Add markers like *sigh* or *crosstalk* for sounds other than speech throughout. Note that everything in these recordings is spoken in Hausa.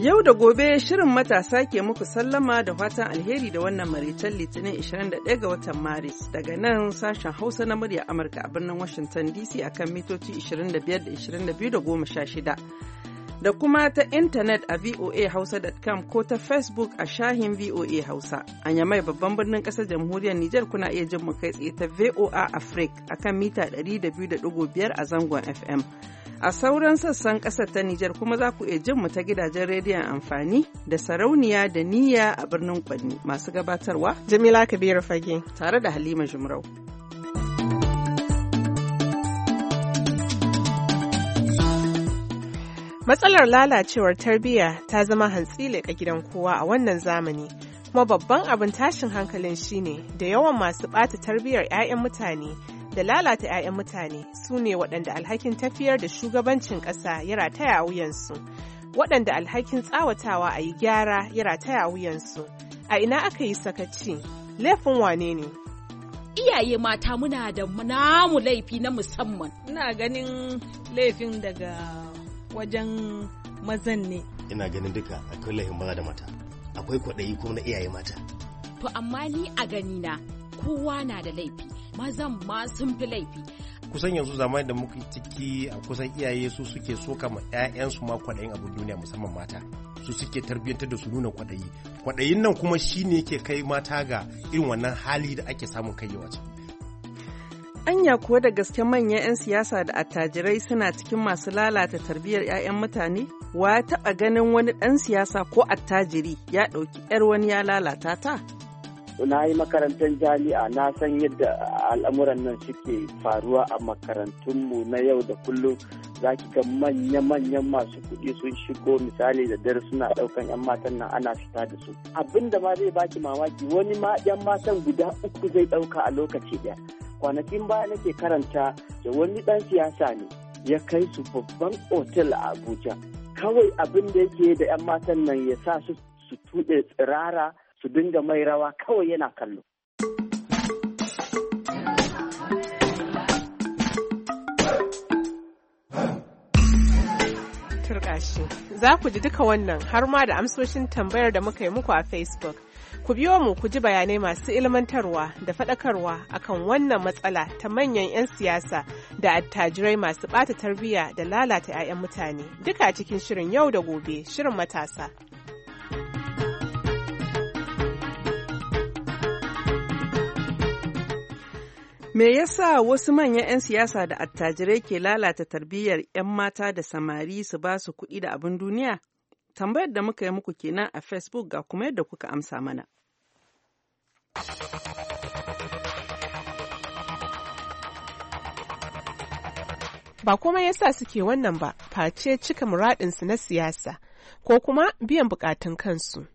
Yau da gobe shirin matasa ke muku sallama da fatan alheri da wannan maraicen litinin 21 ga watan Maris daga nan sashen Hausa na murya Amurka a birnin Washington DC akan mitoci 25-22-16 da kuma ta intanet a voahausa.com ko ta Facebook a shahin VOA Hausa. A yamai babban birnin ƙasar jamhuriyar Nijar kuna iya jin mu kai tsaye ta VOA Africa akan mita 102.5 a zangon FM. A sauran sassan ƙasar ta Nijar kuma za ku iya jin mu ta gidajen rediyon amfani da sarauniya da niyya a birnin Kwanni masu gabatarwa. Jamila Kabiru Fage. Tare da Halima Jumrau. Matsalar lalacewar tarbiyya ta zama hantsi leƙa gidan kowa a wannan zamani. Kuma babban abin tashin hankalin shine da yawan masu ɓata tarbiyyar 'ya'yan mutane da lalata 'ya'yan mutane su ne waɗanda alhakin tafiyar da shugabancin ƙasa ya rataya wuyansu waɗanda alhakin tsawatawa a yi gyara ya rataya wuyansu a ina aka yi sakaci laifin wane ne iyaye mata muna da namu laifi na musamman ina ganin laifin daga wajen mazan ne ina ganin duka akwai laifin maza da mata akwai kwaɗayi kuma na iyaye mata to amma ni a ganina kowa na da laifi mazan ma sun fi laifi kusan yanzu zamanin da muka ciki a kusan iyaye su suke soka ma 'ya'yansu ma kwaɗayin abin duniya musamman mata su suke tarbiyyantar da su nuna kwaɗayi kwaɗayin nan kuma shine ke kai mata ga irin wannan hali da ake samun kai yawa Anya kuwa da gaske manyan 'yan siyasa da attajirai suna cikin masu lalata tarbiyyar 'ya'yan mutane? Wa taɓa ganin wani ɗan siyasa ko attajiri ya ɗauki 'yar wani ya lalata ta? na yi makarantar jami'a na san yadda al'amuran nan suke faruwa a makarantunmu na yau da kullum za ki ga manya-manyan masu kuɗi sun shigo misali da dare suna ɗaukan 'yan matan nan ana fita da su abin da ma zai baki mamaki wani ma 'yan matan guda uku zai ɗauka a lokaci ɗaya kwanakin baya nake karanta da wani ɗan siyasa ne ya kai su babban otel a abuja kawai abin da yake da 'yan matan nan ya sa su tuɗe tsirara su dinga mai rawa kawai yana kallo. Turƙashi Za ku ji duka wannan har ma da amsoshin tambayar da muka yi muku a Facebook. Ku biyo mu ku ji bayanai masu ilmantarwa da faɗakarwa akan wannan matsala ta manyan 'yan siyasa da attajirai masu ɓata tarbiyya da lalata 'ya'yan mutane. Duka cikin shirin yau da gobe, shirin matasa. Me yasa wasu manyan 'yan siyasa da attajirai ke lalata tarbiyyar 'yan mata da samari su ba su kuɗi da abin duniya? Tambayar da muka yi muku kenan a Facebook ga kuma yadda kuka amsa mana. Ba kuma yasa suke wannan ba, face cika muradinsu na siyasa, ko kuma biyan bukatun kansu.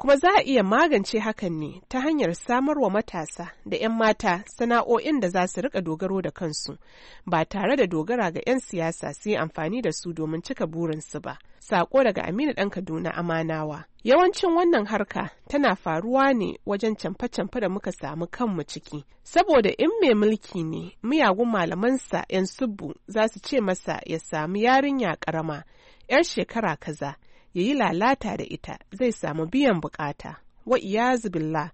kuma za a iya magance hakan ne ta hanyar samar wa matasa da 'yan mata sana'o'in da za su rika dogaro da kansu ba tare da dogara ga 'yan siyasa su yi amfani da su domin cika burinsu ba. Saƙo daga Aminu ɗan Kaduna Amanawa. Yawancin wannan harka tana faruwa ne wajen camfe-camfe da muka samu kanmu ciki. Saboda in mai mulki ne, miyagun malamansa 'yan Subu za su ce masa ya samu yarinya ƙarama, 'yar shekara kaza. ya yi lalata da ita zai samu biyan bukata wa iyazubillah,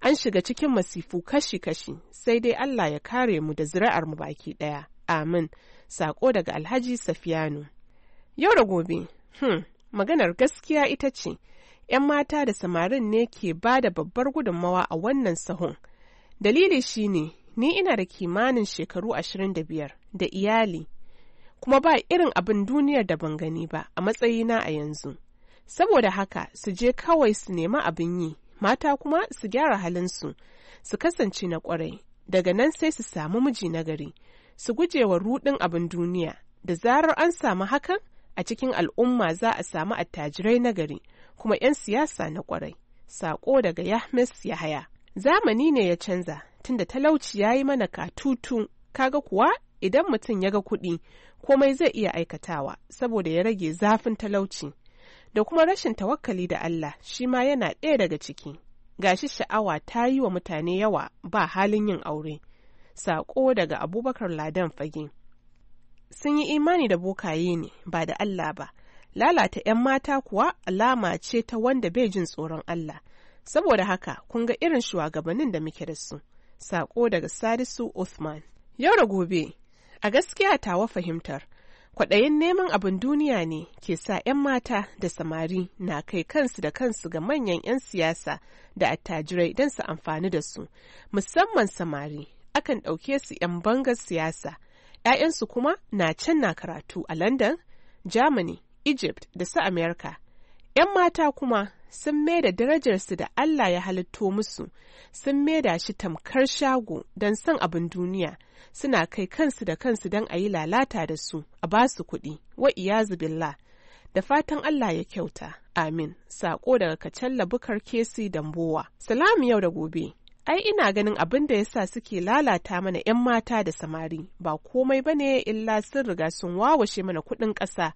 an shiga cikin masifu kashi-kashi sai dai Allah ya kare mu da zira'ar mu baki ɗaya. Amin. Sako daga Alhaji Safiyanu. Yau da gobe, hmm, maganar gaskiya ita ce, ‘yan mata da samarin ne ke ba da babbar gudunmawa a wannan sahun. Dalili shine, ni ina da kimanin shekaru ashirin da biyar da iyali, kuma ba irin abin duniyar da ban gani ba a matsayina a yanzu. Saboda haka su je kawai su nemi abin yi, mata kuma su gyara halinsu, su kasance na kwarai, daga nan sai su samu miji nagari, su su gujewa rudin abin duniya, da zarar an samu hakan a cikin al'umma za a samu attajirai nagari, kuma 'yan siyasa na kwarai. saƙo daga Yahmes Yahaya. Zamani ne ya canza, tunda talauci ya yi mana katutu, kaga kuwa idan mutum ya ga kuɗi komai zai iya aikatawa saboda ya rage zafin talauci da kuma rashin tawakkali da Allah shi ma yana ɗaya daga ciki Ga shi sha'awa ta yi wa mutane yawa ba halin yin aure saƙo daga abubakar ladan fage sun yi imani da bokaye ne ba da Allah ba lalata 'yan mata kuwa alama ce ta wanda bai jin tsoron Allah saboda haka kun ga irin shugabannin da muke da su saƙo daga sadisu Uthman yau da gobe A gaskiya tawa fahimtar, kwaɗayin neman abin duniya ne ke sa 'yan mata da samari na kai kansu da kansu ga manyan 'yan siyasa da attajirai don su amfani da su, musamman samari akan ɗauke su 'yan bangar siyasa, 'ya'yansu kuma na can na karatu a London, Germany, Egypt da su Amerika. ‘Yan mata kuma sun maida darajarsu da Allah ya halitto musu, sun maida shi tamkar shago don son abin duniya, suna kai kansu da kansu don a yi lalata da su, a ba su kuɗi, wa iyazu billah. Da fatan Allah ya kyauta, amin, saƙo daga kacalla bukar kesi dambowa. Salamu yau da gobe. Ai ina ganin abin da yasa suke lalata mana 'yan mata da samari ba komai ba ne illa sun riga sun wawashe mana kuɗin ƙasa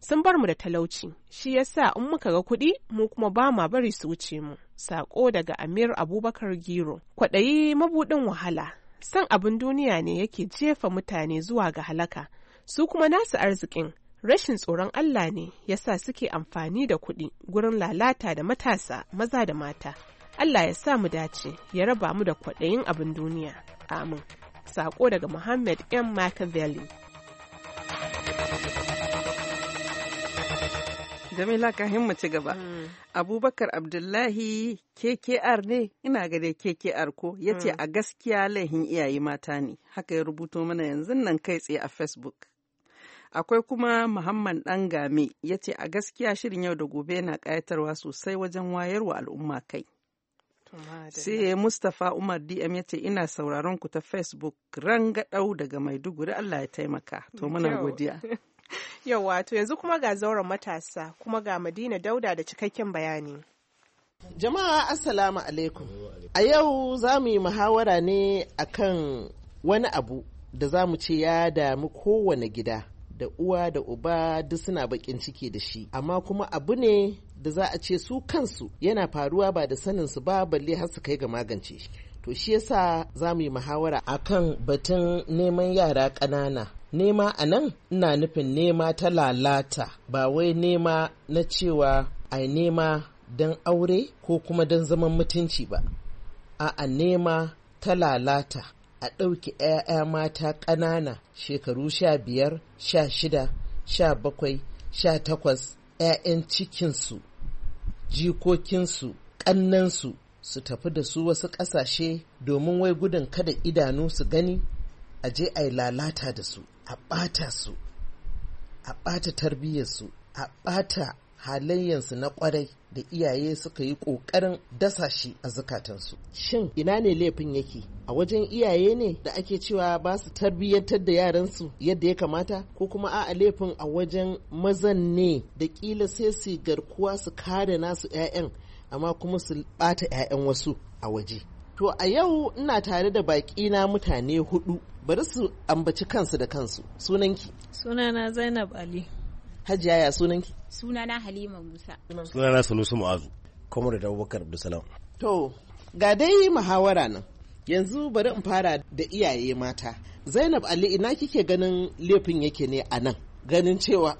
sun bar mu da talauci shi yasa in muka ga kuɗi mu kuma ba ma bari su wuce mu. Sako daga Amir Abubakar Giro. Kwaɗayi mabuɗin wahala. San abin duniya ne yake jefa mutane zuwa ga halaka. Su kuma nasu arzikin rashin tsoron Allah ne yasa suke amfani da kuɗi gurin lalata da matasa maza da mata. Allah ya sa mu dace ya raba mu da kwaɗayin abin duniya. Amin. Sako daga Muhammad M. Machiavelli. Jamila kahin mu ci gaba. Hmm. Abubakar Abdullahi KKR ne ina ga dai KKR ko ya ce hmm. a gaskiya laihin iyaye mata ne haka ya rubuto mana yanzu nan kai tsaye a Facebook. akwai kuma muhammad dan game ya ce a gaskiya shirin yau da gobe yana ƙayatarwa sosai wajen wayarwa al'umma kai Sai Mustapha Umar DM ya ce ina sauraron ku ta Facebook rangadau daga Maiduguri Allah ya taimaka. To muna godiya. *laughs* to yanzu kuma ga zauren matasa kuma ga Madina Dauda da cikakken bayani. Jama'a Assalamu alaikum. A yau za mu yi muhawara ne akan wani abu da za mu ce ya damu kowane gida da uwa da uba duk suna bakin ciki da shi amma kuma abu ne da za a ce su kansu yana faruwa ba da sanin su ba balle har su kai ga magance shi to shi yasa za mu yi muhawara akan batun neman yara ƙanana nema a nan ina nufin nema ta lalata ba wai nema na cewa ai nema don aure ko kuma don zaman mutunci ba a'a nema ta lalata a ɗauki 'ya'ya mata ƙanana shekaru sha biyar sha shida sha bakwai sha takwas 'ya'yan cikinsu jikokinsu ƙannansu su tafi da su wasu ƙasashe domin wai gudun kada idanu su gani a je a lalata da su a ɓata su a ɓata tarbiyyarsu a ɓata halayyansu na kwarai da iyaye suka yi ƙoƙarin dasa shi a zukatansu. Shin ina ne laifin yake? A wajen iyaye ne da ake cewa ba su tarbiyyantar da yaransu yadda ya kamata? Ko kuma a laifin a wajen mazan ne da ƙila sai su garkuwa su kare nasu 'ya'yan amma kuma su ɓata 'ya'yan wasu a waje. To a yau ina tare da baƙi na mutane hudu bari su ambaci kansu da kansu sunanki. Sunana Zainab Ali. hajiya ya sunanki sunana halima musa sunana sanusi mu'azu kuma da abubakar abdulsalam to ga dai muhawara nan yanzu bari in fara da iyaye mata zainab ali ina kike ganin laifin yake ne a nan ganin cewa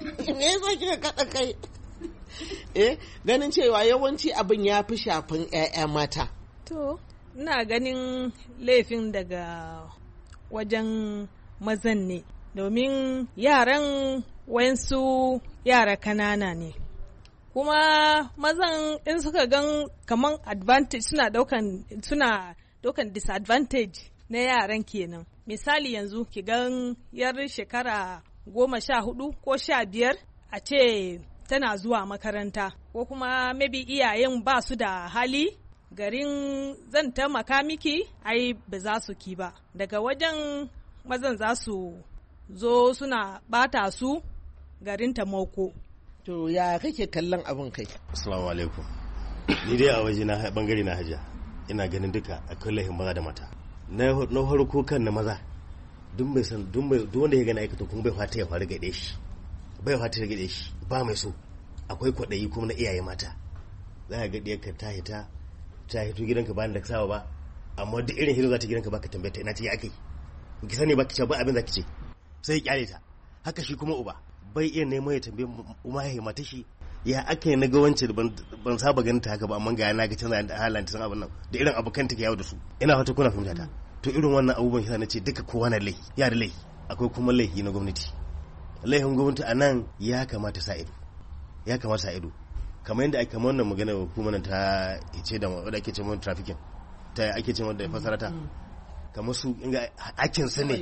*laughs* me yasa kika kada kai eh ganin cewa yawanci abin ya fi shafin 'ya'ya mata to ina ganin laifin daga wajen mazan ne domin yaran wensu yara kanana ne kuma mazan in suka gan kaman advantage suna daukan suna daukan disadvantage na yaran kenan misali yanzu ki gan yar shekara goma sha hudu ko sha biyar a ce tana zuwa makaranta ko kuma maybe iyayen ba su da hali garin zan ta makamiki ai ba za su ki ba daga wajen mazan za su zo suna bata su garin Tamoko. To ya kake kallon abin kai? Assalamu alaikum. Ni dai a waje na bangare na hajja ina ganin duka akwai laifin maza da mata. Na harko kan na maza duk bai san duk wanda ya gani aikata kuma bai fata ya faru gaide shi. Bai fata ya gaide shi ba mai so. Akwai kwaɗayi kuma na iyaye mata. Za ka gaɗe ka ta hita ta hito gidanka ba da ka ba amma duk irin hidin za ta gidanka ka tambaye ta ina ta yi ake. Ki sani baki ce ba abin za ki ce. Sai ya kyale ta. Haka shi kuma uba. bai iya neman ya tambaye mahaifin mata shi ya ake na gawanci da ban saba ganin ta haka ba amma ga na ga canza da halayen ta san abin nan da irin abokan take yawo da su ina fata kuna fahimta ta to irin wannan abubuwan yana ce duka kowa na laifi ya da laifi akwai kuma laifi na gwamnati laifin gwamnati a nan ya kamata sa ido ya kamata sa ido kamar yadda ake wannan magana hukumar ta ce da wadda ake ce mun trafficking ta ake ce wadda fasarata mm-hmm. kamar su inga hakin su ne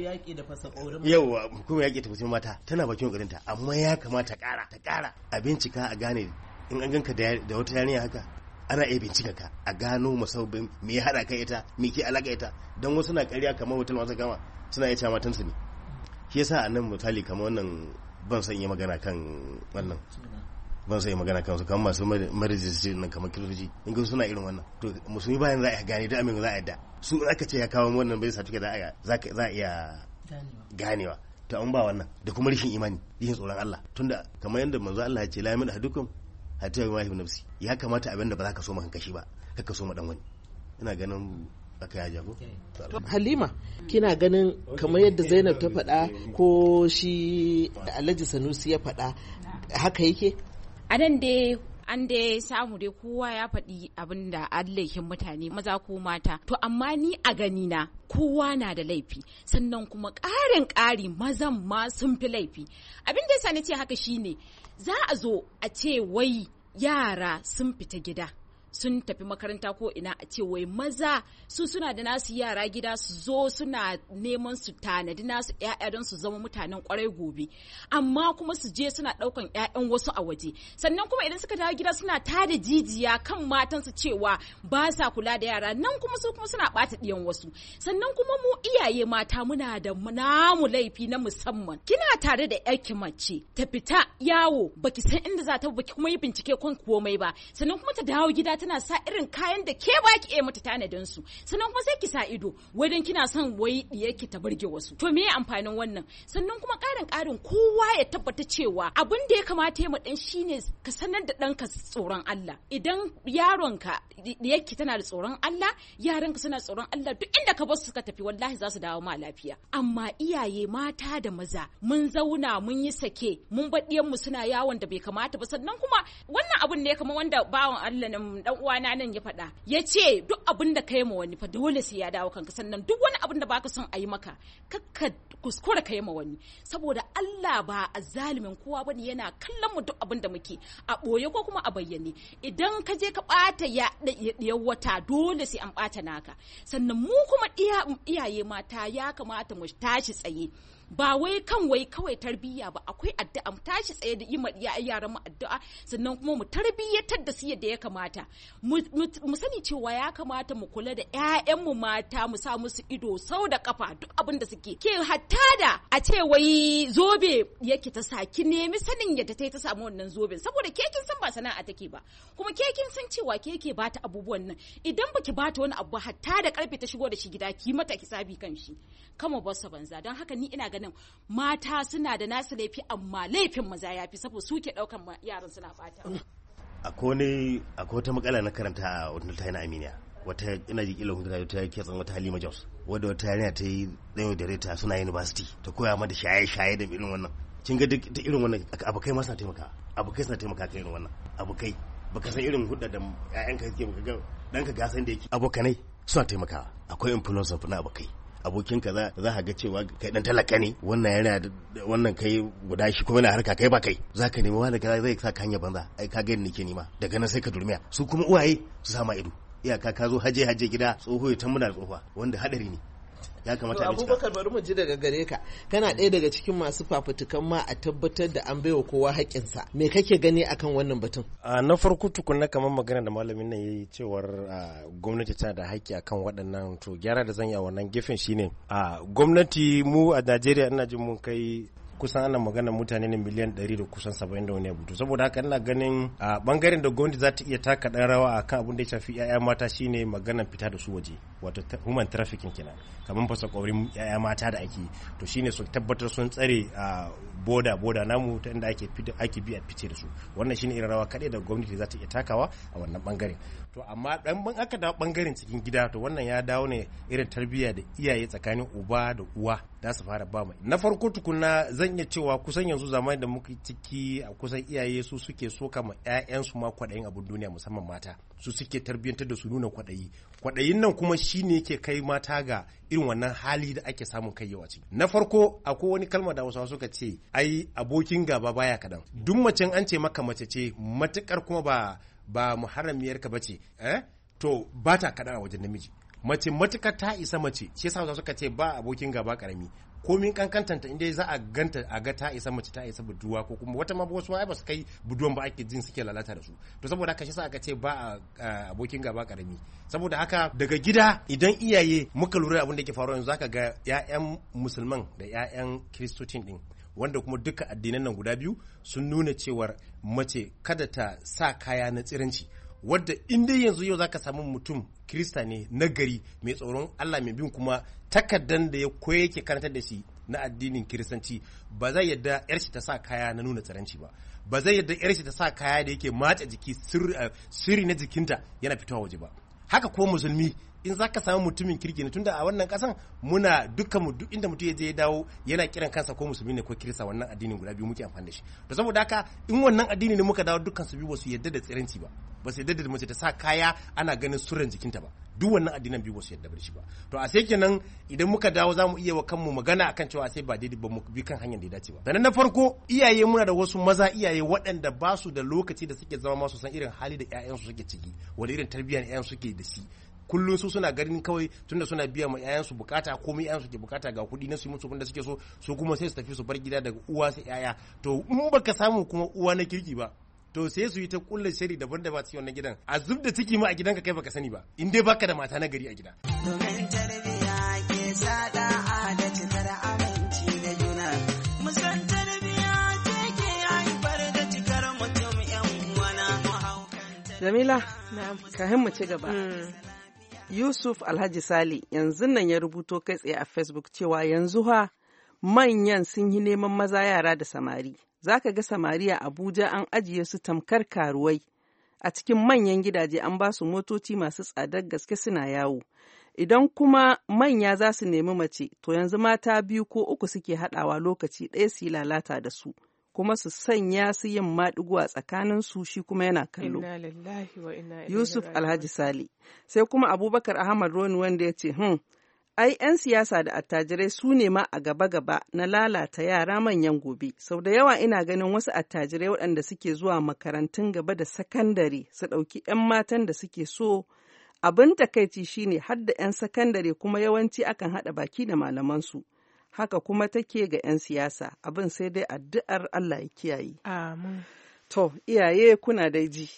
yawa hukumar yaƙi ta mata tana bakin garinta amma ya kamata ƙara ta ƙara a bincika a gane in an ganka da wata yarinya haka ana iya bincika ka a gano musabbin me ya haɗa kai ita me ke alaƙa ita don wasu na ƙarya kamar hotel masu gama suna iya cewa matansu ne shi yasa a nan misali kamar wannan ban sanya magana kan wannan ba su yi magana kansu kamar masu marijistir nan kamar kirji in ga suna irin wannan to musulmi bayan za a gane da amin za a yadda su in aka ce ya kawo wannan bai sa da za a iya ganewa to an ba wannan da kuma rashin imani rashin tsoron Allah tunda kamar yadda manzo Allah ya ce la yamin ahadukum hatta yumahi nafsi ya kamata abinda ba za ka so maka kashi ba ka so ma dan wani ina ganin aka yaje ko halima kina ganin kamar yadda zainab ta faɗa ko shi alhaji sanusi ya faɗa haka yake a nan dai an dai samu dai kowa ya faɗi abin da laifin mutane maza ko mata to amma ni a gani na kowa na da laifi sannan kuma ƙarin ƙari mazan ma sun fi laifi abin da yasa na ce haka shine za a zo a ce wai yara sun fita gida sun tafi makaranta ko ina a ce wai maza su suna da nasu yara gida su zo suna neman su tanadi nasu ƴaƴa don su zama mutanen kwarai gobe amma kuma su je suna ɗaukan ƴaƴan wasu a waje sannan kuma idan suka dawo gida suna tada jijiya kan matansu cewa ba sa kula da yara nan kuma su kuma suna ɓata ɗiyan wasu sannan kuma mu iyaye mata muna da namu laifi na musamman kina tare da ƴarki mace ta fita yawo baki san inda za ta baki kuma yi bincike kun komai ba sannan kuma ta dawo gida ta tana sa irin kayan da ke ba ki mata tanadin su sannan kuma sai ki sa ido wajen kina son wai ki ta burge wasu to me amfanin wannan sannan kuma karin karin kowa ya tabbata cewa abin da ya kamata ya dan shine ka sanar da danka tsoron Allah idan yaronka ki tana da tsoron Allah yaranka suna tsoron Allah duk inda ka bar su ka tafi wallahi za su dawo ma lafiya amma iyaye mata da maza mun zauna mun yi sake mun baɗiyan mu suna yawon da bai kamata ba sannan kuma wannan abun ne kamar wanda bawan Allah nan dan uwana nan ya faɗa ya ce duk abin da kai ma wani fa dole sai ya dawo kanka sannan duk wani abin da baka son a yi maka kakka kuskura kai ma wani saboda Allah ba a kowa bane yana kallon mu duk abin da muke a boye ko kuma a bayyane idan ka je ka bata ya wata dole sai an bata naka sannan mu kuma iyaye mata ya kamata mu tashi tsaye ba wai kan wai kawai tarbiyya ba akwai addu'a mu tashi tsaye da yi yaran mu addu'a sannan kuma mu tarbiyyatar da su yadda ya kamata mu sani cewa ya kamata mu kula da ƴaƴan mu mata mu sa musu ido sau da kafa duk abin da suke ke hatta da a ce wai zobe yake ta saki nemi sanin yadda ta yi ta samu wannan zoben saboda ke kin san ba sana'a take ba kuma ke kin san cewa ke ke bata abubuwan nan idan baki bata wani abu hatta da karfe ta shigo da shi gida ki mata ki sabi kan shi kama basa banza don haka ni ina ganin mata suna da nasu laifi amma laifin maza ya fi saboda suke daukan yaran suna fata. ne ako ta makala na karanta a wata ta na aminiya wata ina ji kila hukunta ta yake tsan wata halima jos wadda wata yarinya ta yi tsayo da rita suna university ta koya mata shaye-shaye da irin wannan kin ga duk ta irin wannan abokai ma suna taimaka abokai suna taimaka ka irin wannan abokai baka san irin hudda da ƴaƴanka suke baka ga danka gasan da yake abokanai suna taimaka akwai influencer na abokai abokin ka za ka ga cewa kai dan talaka ne wannan yana wannan kai guda shi kuma yana harka kai ba kai za ka nemi wani kaza zai sa ka hanya banza ai ka ga ni ke nema daga nan sai ka durmiya su kuma uwaye su sama ido iyaka ka zo haje haje gida tsoho ya tambuna tsohuwa wanda hadari ne ya kamata a abubakar bari mu ji daga gare ka kana ɗaya daga cikin masu fafutukan ma a tabbatar da an baiwa kowa haƙƙinsa me kake gani akan wannan batun a na farko tukunna kamar magana da malamin nan yayi cewar gwamnati tana da haƙƙi akan waɗannan to gyara da zan yi a wannan gefen shine a gwamnati mu a Najeriya ina jin mun kai kusan ana magana mutane ne miliyan 100 da kusan 70 da wani abu saboda haka ina ganin a bangaren da gwamnati za ta iya taka dan rawa a kan abin da ya shafi yaya mata shine maganar fita da su waje wato human trafficking kenan kamar fasa kwaurin yaya mata da ake to shine su tabbatar sun tsare boda boda namu ta inda ake ake bi a fice da su wannan shine irin rawa kade da gwamnati za ta iya takawa a wannan bangaren to amma dan ban aka dawo bangaren cikin gida to wannan ya dawo ne irin tarbiyya da iyaye tsakanin uba da uwa da su fara ba mai na farko tukunna zan iya cewa kusan yanzu zamanin da muke ciki a kusan iyaye su suke soka ma 'ya'yansu ma kwaɗayin abin duniya musamman mata su suke tarbiyyantar da su nuna kwaɗayi kwaɗayin nan kuma shi ne yake kai mata ga irin wannan hali da ake samun kai yawa ciki na farko akwai wani kalma da wasu suka ce ai abokin gaba baya kaɗan duk macen an ce maka mace ce matukar kuma ba ba muharramiyar ka bace eh to ba ta kaɗan a wajen namiji mace matukar ta isa mace shi yasa suka ce ba abokin gaba karami komin kankantanta inda za a ganta a ga ta isa mace ta isa buduwa ko kuma wata ma wasu ba su kai buduwan ba ake jin suke lalata da su to saboda haka shi sa aka ce ba a abokin gaba karami saboda haka daga gida idan iyaye muka lura abin da ke faruwa yanzu zaka ga 'ya'yan musulman da 'ya'yan kiristocin din wanda kuma duka addinan nan guda biyu sun nuna cewar mace kada ta sa kaya na tsiranci wadda in dai yanzu yau zaka samu mutum kirista ne gari mai tsoron Allah mai bin kuma takardan da ya koya yake karantar da shi na addinin kiristanci ba zai yadda yar ta sa kaya na nuna taranci ba ba zai yadda yar ta sa kaya da yake matse jiki eh, sirri na jikinta yana fitowa waje ba haka ko musulmi in za ka samu mutumin kirki ne tunda a wannan kasan muna dukkan mu duk inda mutum ya je ya dawo yana kiran kansa ko musulmi ne ko kirista wannan addinin guda biyu muke amfani da shi to saboda haka in wannan addini ne muka dawo dukkan su biyu ba su yadda da tsiranci ba ba su yadda da mace ta sa kaya ana ganin suran jikinta ba duk wannan addinan biyu ba su yadda shi ba to a sai kenan idan muka dawo za mu iya wa kanmu magana akan cewa sai ba daidai ba mu bi kan hanyar da ya dace ba sannan na farko iyaye muna da wasu maza iyaye waɗanda ba su da lokaci da suke zama masu san irin hali da ƴaƴansu suke ciki wani irin tarbiyyar ƴaƴansu suke da shi kullum su suna ganin kawai tunda suna biya ma 'yayan yayansu bukata komai su ke bukata ga kuɗi na su musu wanda da suke so su kuma sai su tafi su bar gida daga uwa sai yaya to in baka samu kuma uwa na kirki ba to sai su yi ta kulla shari daban da ba cikin wannan gidan a zub da ciki ma a gidanka kai baka sani ba in dai baka da mata na gari a gida domin ka mu ci gaba. Mm. Yusuf Alhaji Sali yanzu nan ya rubuto kai tsaye a Facebook cewa yanzu ha manyan sun yi neman maza yara da samari. Za ka ga samari a Abuja an ajiye su tamkar karuwai. A cikin manyan gidaje an ba su motoci masu tsadar gaske suna yawo. Idan kuma manya za su nemi mace, to yanzu mata biyu ko uku suke haɗawa lokaci ɗaya su yi lalata da su. kuma su sanya su yin maɗigo a tsakanin su shi kuma yana kallo. Yusuf Alhaji Sali. Sai kuma Abubakar Ahmad Roni wanda ya ce, "Hin! Hmm, ai 'yan siyasa da attajirai su ne ma a gaba-gaba na lalata yara manyan gobe sau da yawa ina ganin wasu attajirai waɗanda suke zuwa makarantun gaba da sakandare su ɗauki 'yan matan da suke so abin takaici shine har da 'yan sakandare kuma yawanci akan haɗa baki da malamansu haka kuma take ga 'yan siyasa abin sai dai addu'ar Allah ya kiyaye. Amin. To, iyaye kuna da ji.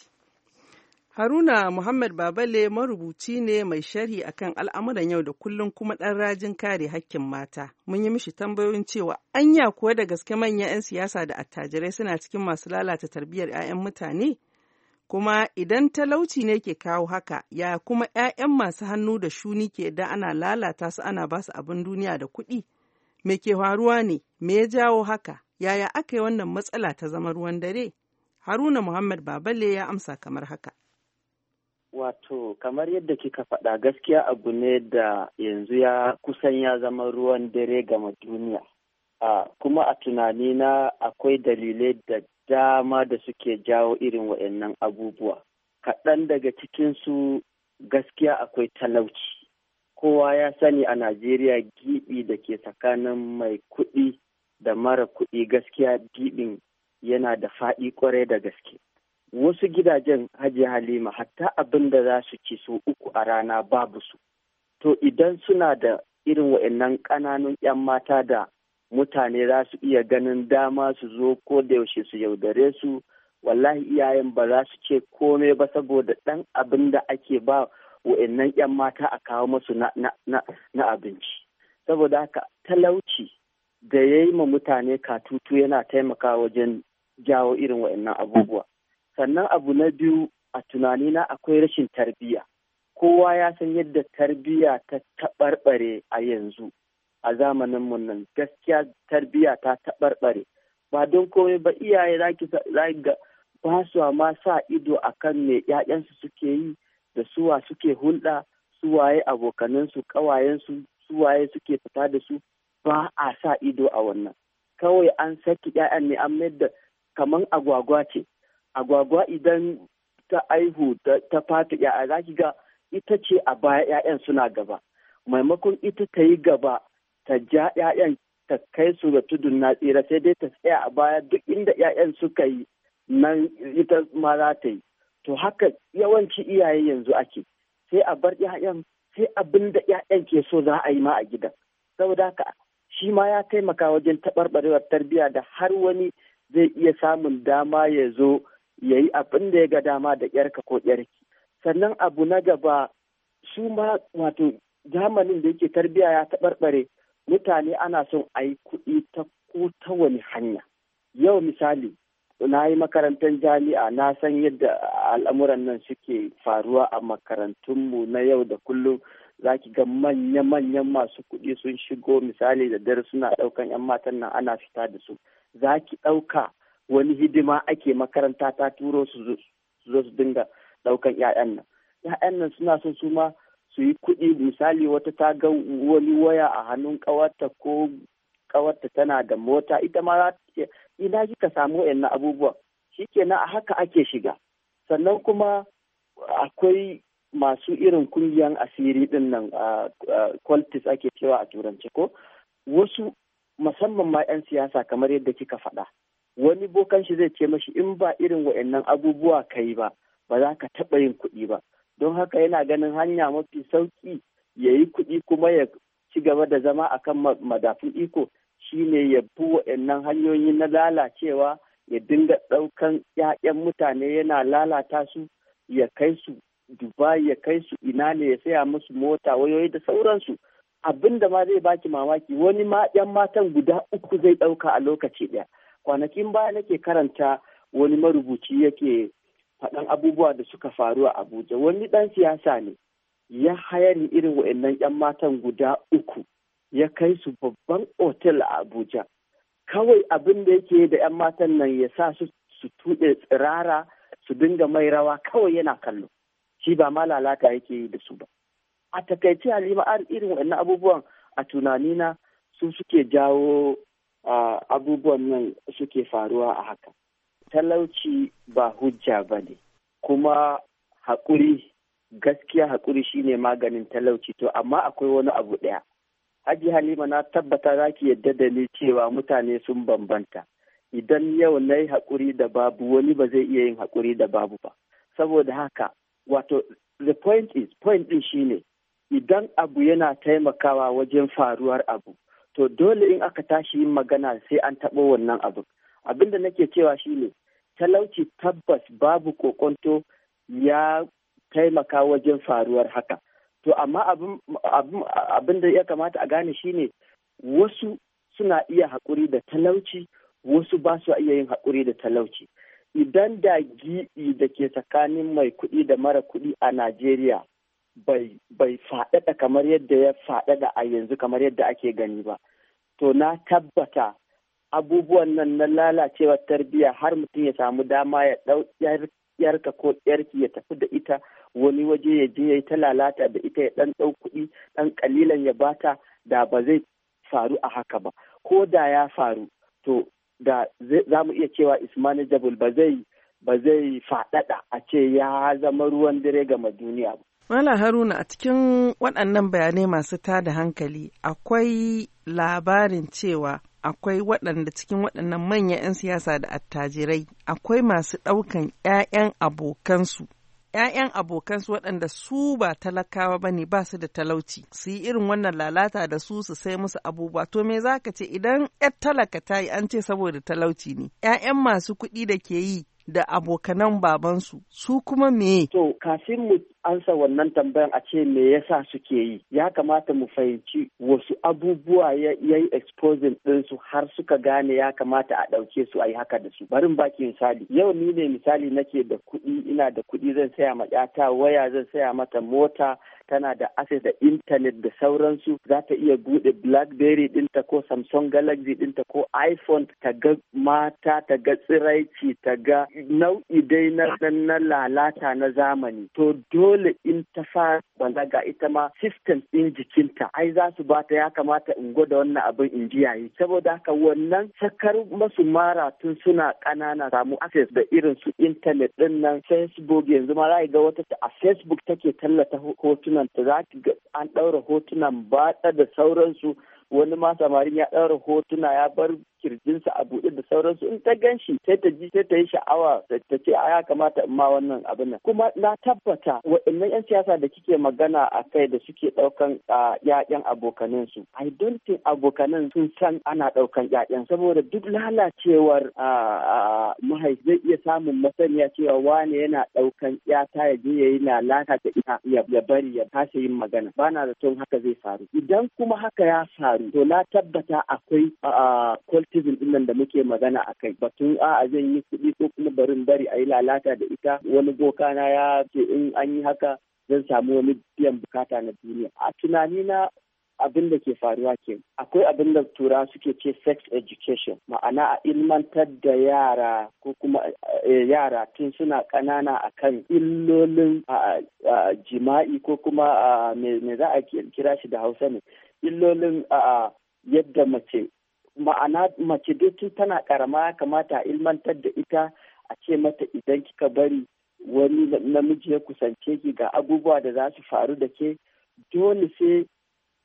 Haruna Muhammad Babale marubuci ne mai sharhi akan al'amuran yau da kullum kuma ɗan rajin kare hakkin mata. Mun yi mishi tambayoyin cewa anya kuwa da gaske manyan 'yan siyasa da attajirai suna cikin masu lalata tarbiyyar 'ya'yan mutane? Kuma idan talauci ne ke kawo haka, ya kuma 'ya'yan masu hannu da shuni ke da ana lalata su ana basu abin duniya da kuɗi? Me ke faruwa ne? Me ya jawo haka? Yaya aka yi wannan matsala ta zama ruwan dare? Haruna Muhammad Baballe ya amsa kamar haka. Wato, kamar yadda kika faɗa gaskiya abu ne da yanzu ya kusan ya zama ruwan dare gama duniya. a kuma a tunanina akwai dalilai da dama da suke jawo irin wa'annan abubuwa. Kaɗan daga cikinsu gaskiya akwai talauci. kowa ya sani a najeriya gibi da ke tsakanin mai kuɗi da mara kuɗi gaskiya gibin yana da faɗi kwarai da gaske wasu gidajen Hajji halima hatta abin da za su ci su uku a rana babu su to idan suna da irin wa'annan ƙananun 'yan mata da mutane za su iya ganin dama su zo ko da yaushe su yaudare su wallahi iyayen ba za su ce komai ba saboda ɗan abin da ake ba wa'annan 'yan mata a kawo masu na abinci saboda haka talauci da ya yi ma mutane katutu yana taimaka wajen jawo irin wa'annan abubuwa sannan abu na biyu a tunanina akwai rashin tarbiyya kowa ya san yadda tarbiyya ta taɓarɓare a yanzu a zamanin mu nan gaskiya tarbiyya ta taɓarɓare ba don komai ba iyaye za ki ga ba su ma sa ido akan me 'ya'yansu suke yi da suwa suke hulɗa suwaye abokanansu ƙawayensu suwaye suke fita da su ba a sa ido a wannan kawai an saki ya'yan ne an mayar da kaman agwagwa ce agwagwa idan ta aihu ta fata ƴaƴa za ki ga ita ce a baya ya'yan suna gaba maimakon ita ta yi gaba ta ja ya'yan ta kai su ga tudun na tsira sai dai ta tsaya a baya duk inda ya'yan suka yi nan ita ma za ta yi to haka yawanci iyaye yanzu ake sai a bar 'ya'yan sai abin da 'ya'yan ke so za a yi ma a gida saboda haka shi ma ya taimaka wajen taɓarɓarewar tarbiyya da har wani zai iya samun dama ya zo ya yi abin da ya ga dama da yarka ko yarki sannan abu na gaba su ma wato zamanin da yake tarbiyya ya taɓarɓare mutane ana son a yi kuɗi ta ko ta wani hanya yau misali na yi makarantar jami'a na san yadda al'amuran nan suke faruwa a makarantunmu na yau da kullum za ki ga manya-manyan masu kuɗi sun shigo misali da dare suna ɗaukan 'yan matan nan ana fita da su za ki ɗauka wani hidima ake makaranta ta turo su zo su dinga ɗaukan 'ya'yan nan 'ya'yan nan suna son su ma su yi kuɗi misali wata ta ga wani waya a hannun ƙawarta ko ƙawarta tana da mota ita ma ina kika samu abubuwa shi kenan a haka ake shiga sannan kuma akwai masu irin kungiyan asiri din nan cultist ake cewa a turanci ko wasu musamman ma 'yan siyasa kamar yadda kika faɗa wani bokan shi zai ce mashi in ba irin wa'annan abubuwa ka yi ba ba za ka taɓa yin kuɗi ba don haka yana ganin hanya mafi sauƙi ya yi kuɗi kuma ya ci gaba da zama akan madafun iko shine ya bi waɗannan hanyoyi na lalacewa ya dinga ɗaukan 'ya'yan mutane yana lalata su ya kai su Dubai ya kai su ina ne ya saya musu mota wayoyi da sauransu abin da ma zai baki mamaki wani ma yan matan guda uku zai ɗauka a lokaci ɗaya kwanakin baya nake karanta wani marubuci yake faɗan abubuwa da suka faru a Abuja wani ɗan siyasa ne ya hayani irin wa'annan yan matan guda uku ya kai su babban otel a Abuja. Kawai abin da yake da 'yan matan nan ya sa su tuɗe tsirara su dinga mai rawa kawai yana kallo. Shi ba ma lalata yake yi da su ba. A takaice halima irin wannan abubuwan a tunanina su suke jawo abubuwan nan suke faruwa a haka. Talauci ba hujja ba ne, kuma haƙuri gaskiya haƙuri shine maganin talauci to amma akwai wani abu ɗaya Haji Halima na tabbata za ki yadda da ni cewa mutane sun bambanta. Idan yau na yi haƙuri da babu wani ba zai iya yin haƙuri da babu ba. Saboda haka, wato, the point is, point ɗin shi ne, idan abu yana taimakawa wajen faruwar abu, to dole in aka tashi yin magana sai an taɓo wannan abu. Abin da nake cewa shi ne, talauci tabbas babu kokonto ya taimaka wajen faruwar haka. to amma abin da ya kamata a gane shine wasu suna iya haƙuri da talauci wasu ba su iya yin haƙuri da talauci idan da gi'i da ke tsakanin mai kuɗi da mara kuɗi a najeriya bai faɗaɗa kamar yadda ya faɗaɗa a yanzu kamar yadda ake gani ba to na tabbata abubuwan nan na lalacewar tarbiyya har mutum ya samu dama ya ɗau yarka ko yarki ya tafi da ita wani waje ya je ya yi ta lalata da ita ya ɗan ɗau kuɗi ɗan ƙalilan ya bata da ba zai faru a haka ba ko da ya faru to da za mu iya cewa is manageable ba zai ba zai faɗaɗa a ce ya zama ruwan dare ga duniya ba. Mala Haruna a cikin waɗannan bayanai masu tada hankali akwai labarin cewa akwai waɗanda cikin waɗannan manyan 'yan siyasa da attajirai akwai masu ɗaukan 'ya'yan abokansu ‘ya'yan abokansu waɗanda su ba talakawa ba ne ba su da talauci su yi irin wannan lalata da su su sai musu abubuwa to me za ka ce idan ‘yar talaka ta yi an ce saboda talauci ne ‘ya'yan masu kuɗi da ke yi da abokanan babansu su kuma me to kafin mu ansa wannan tambayan a ce me yasa suke yi ya kamata mu fahimci wasu abubuwa ya yi exposing ɗinsu har suka gane ya kamata a ɗauke su a yi haka da su barin baki misali yau ni ne misali nake da kuɗi ina da kuɗi zan saya ma 'yata waya zan saya mata mota tana da ase da intanet da sauransu za ta iya bude blackberry dinta ko samsung galaxy dinta ko iphone ta ga mata ta ga tsiraici ta ga nau'i dai na na lalata na zamani to dole in ta fara ga ita ma system din jikinta ai za su bata ya kamata in gwada wannan abin in ji yayi saboda haka wannan sakar masu mara tun suna kanana. samu access da irin su intanet din nan facebook yanzu ma za ga wata a facebook take tallata hotuna hotunanta za ki ga an ɗaura hotunan ba da sauransu wani ma samarin ya ɗaura hotuna ya bar kirjinsa a buɗe da sauransu in ta gan shi sai ta ji sai ta yi sha'awa ta ce a ya kamata in ma wannan abin nan kuma na tabbata waɗannan 'yan siyasa da kike magana a kai da suke ɗaukan ƴaƴan abokanan su I don't think abokanan sun san ana ɗaukan ƴaƴan saboda duk lalacewar mahaifi zai iya samun masaniya cewa wane yana ɗaukan ƴata ya je ya yi lalata da ita ya bari ya kasa yin magana bana da tun haka zai faru idan kuma haka ya faru to na tabbata akwai nepotism din nan da muke magana a kai batun a zan yi kuɗi ko kuma barin bari a yi lalata da ita wani bokana na ya ce in an yi haka zan samu wani biyan bukata na duniya a tunani na abin da ke faruwa ke akwai abin da tura suke ce sex education ma'ana a ilmantar da yara ko kuma eh, yara tun suna ƙanana akan illolin jima'i ko kuma me za a kira shi da hausa ne illolin yadda mace ma'ana mace duk tana karama ya kamata a ilmantar da ita a ce mata idan kika bari wani namiji ya kusance ki ga abubuwa da za su faru da ke dole sai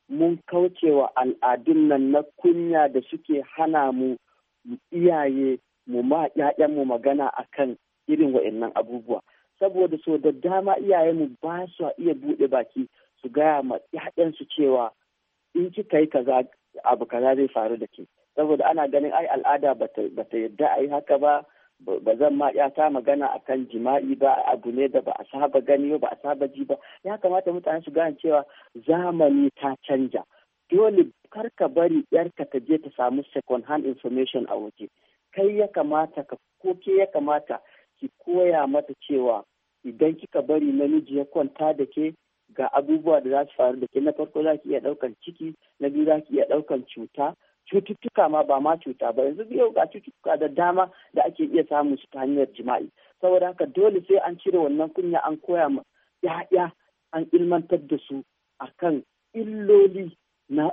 mun kaucewa al'adun nan na kunya da suke hana mu iyaye mu ma mu magana a kan irin wa'annan abubuwa saboda so da dama iyaye mu ba su iya buɗe baki su gaya ma 'ya'yansu cewa in kika yi kaza abu kaza zai faru da ke saboda ana ganin ai al'ada ba ta yadda a yi haka ba ba zan ma ya ta magana akan jima'i ba abu ne da ba a saba gani ba a saba ji ba ya kamata mutane su gane cewa zamani ta canja dole kar ka bari yarka ta je ta samu second hand information a waje kai ya kamata ka ko ke ya kamata ki koya mata cewa idan kika bari namiji ya kwanta da ke ga abubuwa da za su faru da ke na farko za ki iya ɗaukan ciki na biyu za ki iya ɗaukan cuta cututtuka ma ba ma cuta ba yanzu yau ga cututtuka da dama da ake iya samun su ta hanyar jima'i saboda haka dole sai an cire wannan kunya an koya ma ya'ya an ilmantar da su akan illoli na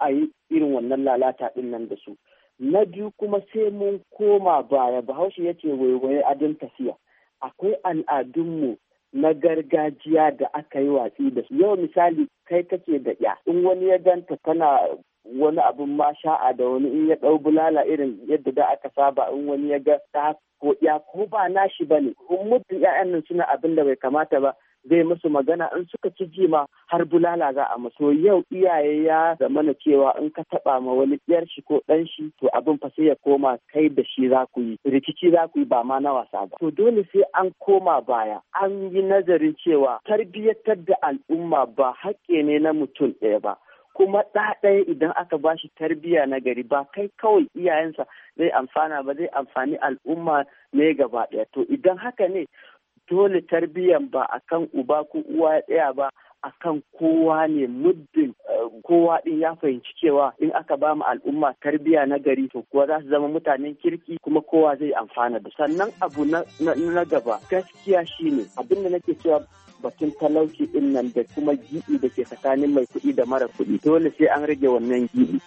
a yi irin wannan lalata din nan da su na biyu kuma sai mun koma baya bahaushe ya ce waiwaye tafiya akwai al'adunmu na gargajiya da aka yi watsi da su yau misali kai kake da ya in wani ya ganta tana wani abin ma sha'a da wani in ya ɗau bulala irin yadda da aka saba in wani ya ga ta ko ya ko ba nashi bane in muddin 'ya'yan nan suna abin da bai kamata ba zai musu magana in suka ci jima har bulala za a maso yau iyaye ya zamana cewa in ka taɓa ma wani ɗiyar shi ko ɗan shi to abin fa sai ya koma kai da shi za ku yi rikici za ku yi ba ma na wasa ba to dole sai an koma baya an yi nazarin cewa tarbiyyatar da al'umma ba haƙƙi ne na mutum ɗaya ba kuma ɗa idan aka ba shi tarbiyya na gari ba kai kawai iyayensa zai amfana ba zai amfani al'umma ne gaba ɗaya to idan haka ne dole tarbiyyan ba a kan uba ko uwa ɗaya ba A kan kowa ne muddin eh, kowa ɗin ya fahimci cewa in aka ba mu al'umma tarbiyya na gari to kuwa za su zama mutanen kirki kuma kowa zai amfana da sannan abu na gaba gaskiya shine abinda nake cewa batun talauci din nan da kuma giɓi da ke tsakanin mai kuɗi da mara kuɗi dole sai an rage wannan giɓi.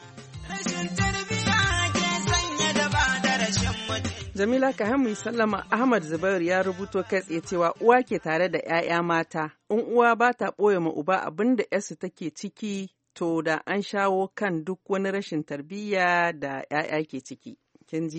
Jamila Kahamu Sallama Ahmad Zubair ya rubuto kai tsaye cewa uwa ke tare da 'ya'ya mata, in uwa ba ta ɓoye ma uba abin da 'yarsu take ciki to da an shawo kan duk wani rashin tarbiyya da 'ya'ya ke ciki. Kin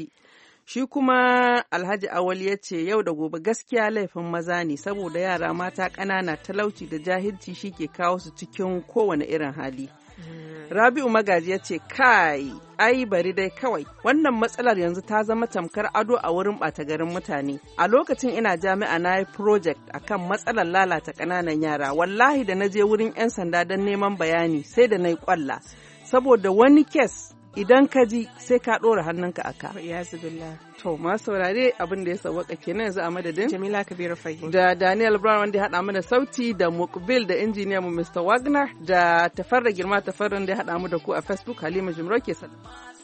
Shi kuma Alhaji Awali ya ce yau da gobe gaskiya laifin maza ne saboda yara mata kanana talauci da jahilci shi ke kawo su cikin kowane irin hali. Mm. Rabi'u Magaji ya ce kai ai bari dai kawai wannan matsalar yanzu ta zama tamkar ado a wurin bata garin mutane. A lokacin ina jami'a na yi project kan matsalar lalata ƙananan yara wallahi da na je wurin 'yan sanda don neman bayani sai da na yi kwalla. Saboda wani kes idan ka ji sai ka ɗora hannunka a ka. Ya To ma saurare abin da ya sauwaka kenan yanzu a madadin. Jamila Kabiru Fage. Da Daniel Brown wanda ya haɗa mana sauti da Mukbil da injiniya mu Mr. Wagner da tafarra girma tafarran da ya haɗa mu da ku a Facebook Halima Jimroke. Sallama.